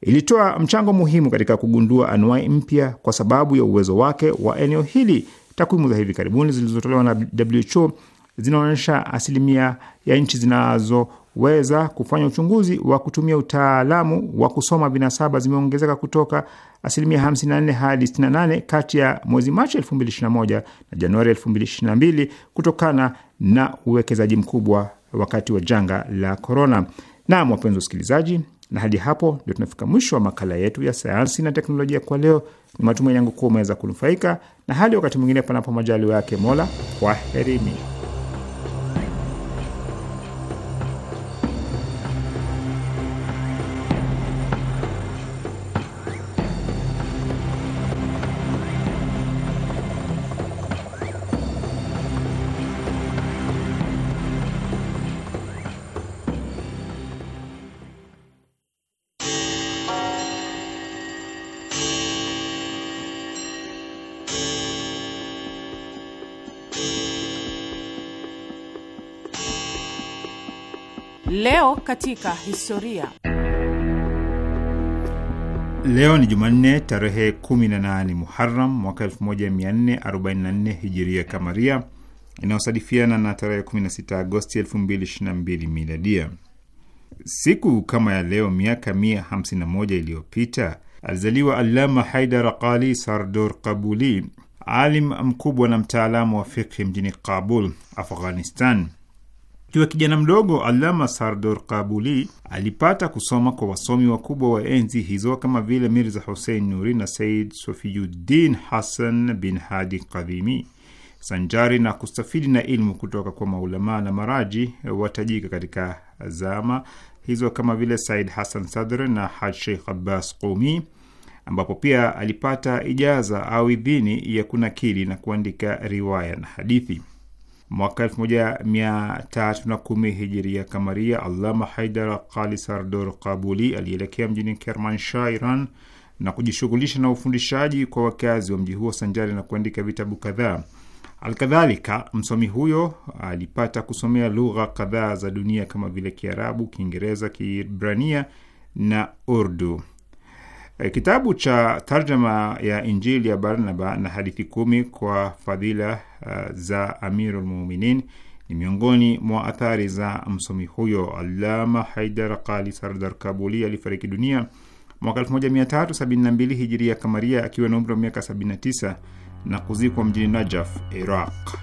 ilitoa mchango muhimu katika kugundua anuai mpya kwa sababu ya uwezo wake wa eneo hili. Takwimu za hivi karibuni zilizotolewa na WHO zinaonyesha asilimia ya nchi zinazoweza kufanya uchunguzi wa kutumia utaalamu wa kusoma vinasaba zimeongezeka kutoka asilimia 54 hadi 68 kati ya mwezi Machi 2021 na Januari 2022 kutokana na uwekezaji mkubwa wakati wa janga la korona. Naam, wapenzi wasikilizaji, na hadi hapo ndio tunafika mwisho wa makala yetu ya sayansi na teknolojia kwa leo. Ni matumaini yangu kuwa umeweza kunufaika, na hadi wakati mwingine, panapo majaliwa yake Mola, kwaherini. Leo katika historia. Leo ni Jumanne tarehe 18 Muharam mwaka 1444 hijiria kamaria inayosadifiana na tarehe 16 Agosti 2022 miladia. Siku kama ya leo miaka 151 iliyopita alizaliwa Allama Haidar Qali Sardor Kabuli, alim mkubwa na mtaalamu wa fikhi mjini Kabul, Afghanistan. Akiwa kijana mdogo, Alama Sardor Kabuli alipata kusoma kwa wasomi wakubwa wa enzi hizo kama vile Mirza husein Nuri na Said Sofiyuddin Hassan bin Hadi Kadhimi, sanjari na kustafidi na ilmu kutoka kwa maulamaa na maraji watajika katika zama hizo kama vile Said Hassan Sadr na Haj Sheikh Abbas Qumi, ambapo pia alipata ijaza au idhini ya kunakili na kuandika riwaya na hadithi mwaka 1310 hijiria kamaria. Allama Haidar Qali Sardor Qabuli alielekea mjini Kermanshah, Iran na kujishughulisha na ufundishaji kwa wakazi wa mji huo sanjari na kuandika vitabu kadhaa. Alkadhalika, msomi huyo alipata kusomea lugha kadhaa za dunia kama vile Kiarabu, Kiingereza, kibrania na Urdu. Eh, kitabu cha tarjama ya Injili ya Barnaba na hadithi kumi kwa fadhila eh, za Amirul Muminin ni miongoni mwa athari za msomi huyo. Alama Haidar Kali Sardar Kabuli alifariki dunia mwaka 1372 hijiria kamaria akiwa na umri wa miaka 79 na kuzikwa mjini Najaf, Iraq.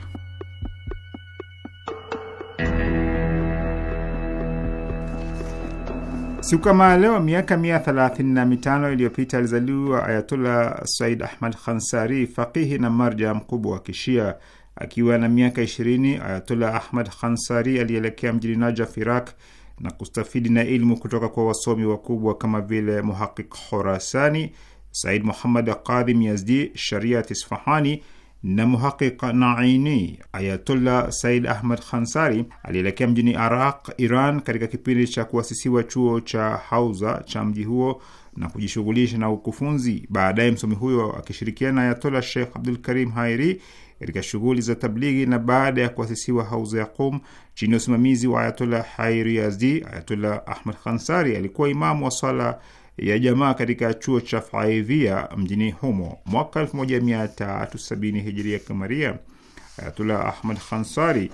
Siku kama leo miaka mia thelathini na mitano iliyopita alizaliwa Ayatullah Said Ahmad Khansari, faqihi na marja mkubwa wa Kishia. Akiwa na miaka ishirini, Ayatullah Ahmad Khansari alielekea mjini Najaf, Iraq, na kustafidi na ilmu kutoka kwa wasomi wakubwa kama vile Muhaqiq Khorasani, Said Muhammad Qadhim Yazdi, Shariat Isfahani na muhaqiq Naini, Ayatullah Said Ahmad Khansari alielekea mjini Araq, Iran, katika kipindi cha kuasisiwa chuo cha Hauza cha mji huo na kujishughulisha na ukufunzi. Baadaye msomi huyo akishirikiana na Ayatollah Sheikh Abdul Karim Hairi katika shughuli za tablighi, na baada ya kuasisiwa Hauza ya Qum chini ya usimamizi wa Ayatollah Hairi Yazdi, Ayatollah Ahmad Khansari alikuwa imamu wa swala ya jamaa katika chuo cha Faidhia mjini humo. Mwaka 1370 hijiria kamaria, Ayatullah Ahmad Khansari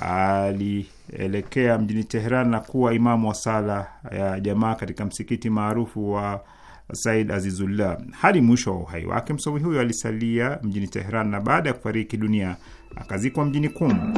alielekea mjini Teheran na kuwa imamu wa sala ya jamaa katika msikiti maarufu wa Said Azizullah hadi mwisho wa uhai wake. Msomi huyo alisalia mjini Teheran na baada ya kufariki dunia akazikwa mjini Kum.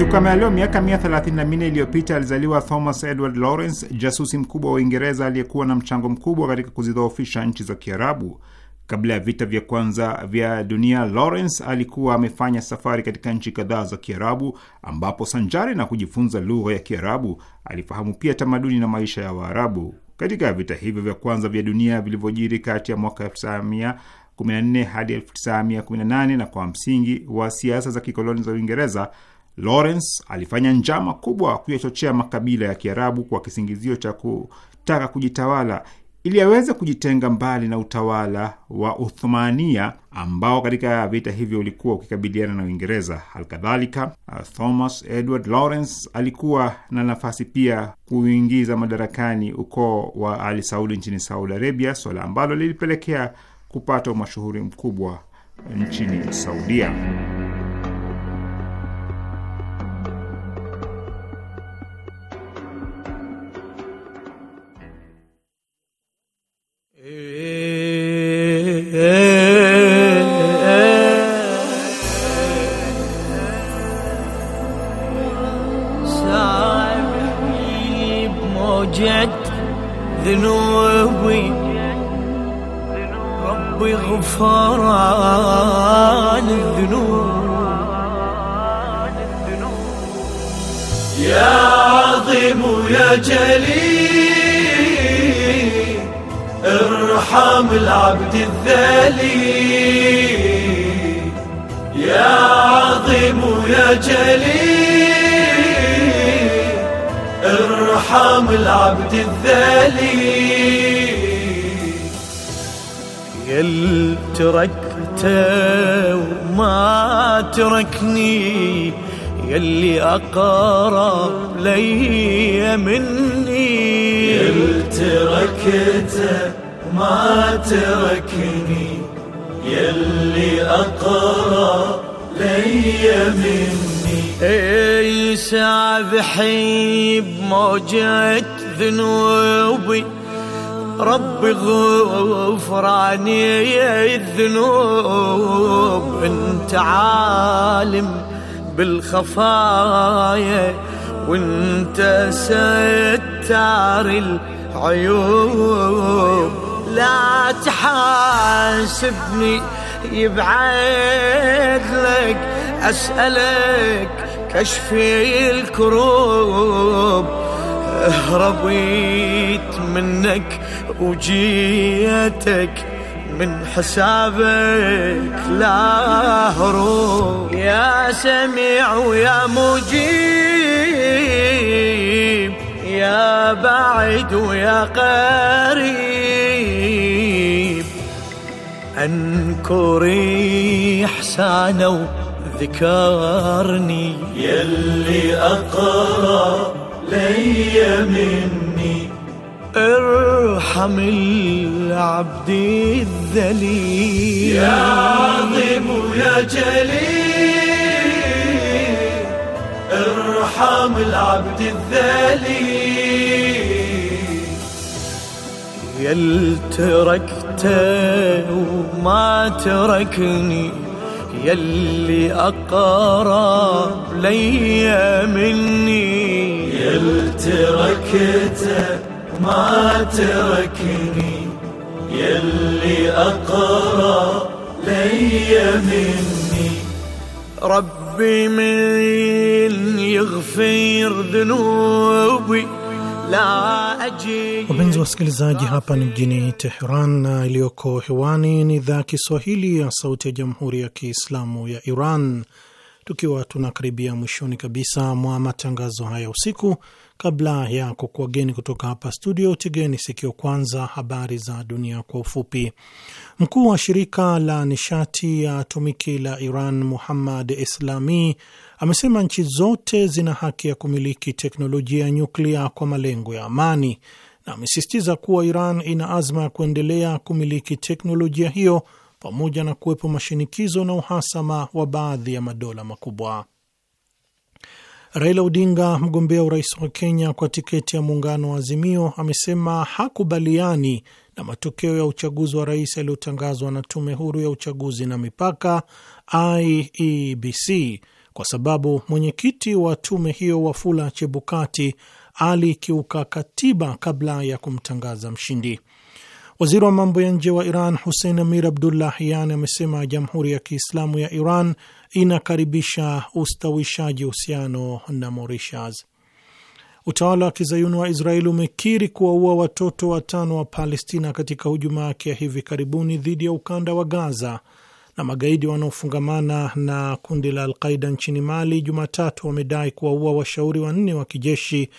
Siku kama leo miaka 134 iliyopita alizaliwa Thomas Edward Lawrence, jasusi mkubwa wa Uingereza aliyekuwa na mchango mkubwa katika kuzidhoofisha nchi za Kiarabu. Kabla ya vita vya kwanza vya dunia, Lawrence alikuwa amefanya safari katika nchi kadhaa za Kiarabu, ambapo sanjari na kujifunza lugha ya Kiarabu alifahamu pia tamaduni na maisha ya Waarabu. Katika vita hivyo vya kwanza vya dunia vilivyojiri kati ya mwaka 1914 hadi 1918 na kwa msingi wa siasa za kikoloni za Uingereza Lawrence alifanya njama kubwa kuyachochea makabila ya Kiarabu kwa kisingizio cha kutaka kujitawala ili aweze kujitenga mbali na utawala wa Uthmania ambao katika vita hivyo ulikuwa ukikabiliana na Uingereza. Alkadhalika, uh, Thomas Edward Lawrence alikuwa na nafasi pia kuingiza madarakani ukoo wa Ali Saudi nchini Saudi Arabia, swala ambalo lilipelekea kupata umashuhuri mkubwa nchini Saudia. ارحم العبد الذليل يا عظيم يا جليل ارحم العبد الذليل يل تركته وما تركني يلي أقرب لي مني يل تركته ما تركني يلي أقرأ لي مني اي سابحي بموجة ذنوبي ربي غفراني الذنوب انت عالم بالخفايا وانت ستار العيوب لا تحاسبني يبعد لك أسألك كشفي الكروب هربيت منك وجيتك من حسابك لا هروب يا سميع ويا مجيب يا بعد ويا قريب أنكر إحسانه وذكرني يلي اقرا لي مني ارحم العبد الذليل يا عظيم يا جليل ارحم العبد الذليل يلترك حتى وما تركني يلي أقرب ليا مني يل تركته ما تركني يلي أقرب ليا مني ربي من يغفر ذنوبي Wapenzi wa wasikilizaji, hapa ni mjini Teheran na iliyoko hewani ni idhaa ya Kiswahili ya Sauti ya Jamhuri ya Kiislamu ya Iran, tukiwa tunakaribia mwishoni kabisa mwa matangazo haya usiku. Kabla ya kukuageni kutoka hapa studio, tegeni sikio kwanza habari za dunia kwa ufupi. Mkuu wa shirika la nishati ya atomiki la Iran Muhammad Islami amesema nchi zote zina haki ya kumiliki teknolojia ya nyuklia kwa malengo ya amani, na amesisitiza kuwa Iran ina azma ya kuendelea kumiliki teknolojia hiyo pamoja na kuwepo mashinikizo na uhasama wa baadhi ya madola makubwa. Raila Odinga, mgombea urais wa Kenya kwa tiketi ya muungano wa Azimio, amesema hakubaliani na matokeo ya uchaguzi wa rais yaliyotangazwa na tume huru ya uchaguzi na mipaka IEBC kwa sababu mwenyekiti wa tume hiyo Wafula Chebukati alikiuka katiba kabla ya kumtangaza mshindi. Waziri wa mambo ya nje wa Iran Hussein Amir Abdullahian amesema Jamhuri ya Kiislamu ya Iran inakaribisha ustawishaji uhusiano na Mauritius. Utawala wa kizayuni wa Israeli umekiri kuwaua watoto watano wa Palestina katika hujuma yake ya hivi karibuni dhidi ya ukanda wa Gaza na magaidi wanaofungamana na kundi la Alqaida nchini Mali Jumatatu wamedai kuwaua washauri wanne wa kijeshi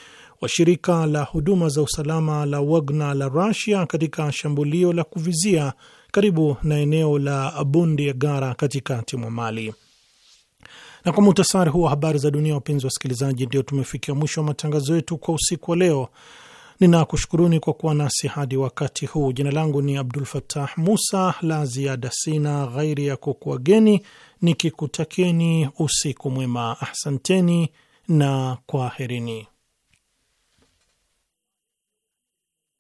wa shirika la huduma za usalama la wagna la Rusia katika shambulio la kuvizia karibu na eneo la Bundi Gara katikati mwa Mali. Na kwa muhtasari wa habari za dunia, wapenzi wa wasikilizaji, ndio tumefikia mwisho wa matangazo yetu kwa usiku wa leo. Ninakushukuruni kwa kuwa nasi hadi wakati huu. Jina langu ni Abdul fatah Musa. La ziada sina ghairi ya kukuageni nikikutakeni usiku mwema. Ahsanteni na kwaherini.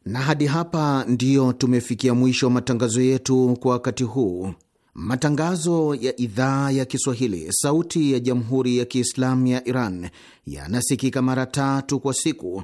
Na hadi hapa ndiyo tumefikia mwisho wa matangazo yetu kwa wakati huu. Matangazo ya idhaa ya Kiswahili, sauti ya jamhuri ya kiislamu ya Iran yanasikika mara tatu kwa siku